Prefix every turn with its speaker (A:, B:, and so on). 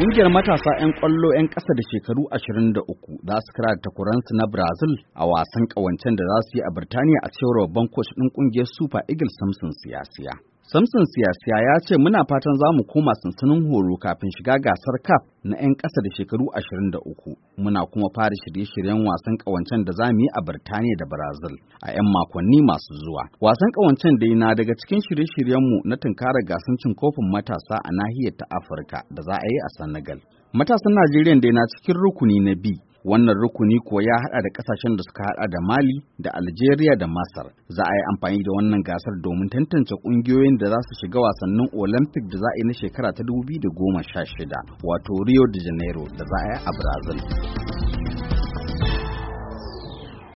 A: Ƙungiyar matasa 'yan ƙwallo 'yan ƙasa da shekaru 23 za su kira da su na Brazil a wasan ƙawancen da za su yi a Birtaniya a cewar babban coach ɗin ƙungiyar Super Eagles Samson Siyasiya. Samson Siyasiya ya ce muna fatan za mu koma sansanin horo kafin shiga gasar CAF na 'yan ƙasa da shekaru 23. Muna kuma fara shirye-shiryen wasan ƙawancen da za mu yi a Birtaniya da Brazil a 'yan makonni masu zuwa. Wasan ƙawancen dai na daga cikin shirye-shiryenmu na tunkarar gasar cin kofin matasa a nahiyar ta Afirka da za a yi a Senegal. Matasan Najeriya dai na cikin rukuni na bi. wannan rukuni ko ya hada da kasashen da suka hada da mali da algeria da masar za a yi amfani da wannan gasar domin tantance kungiyoyin da za su shiga wasannin olympic da za a yi na shekara ta 2016 wato rio de janeiro da za a yi a brazil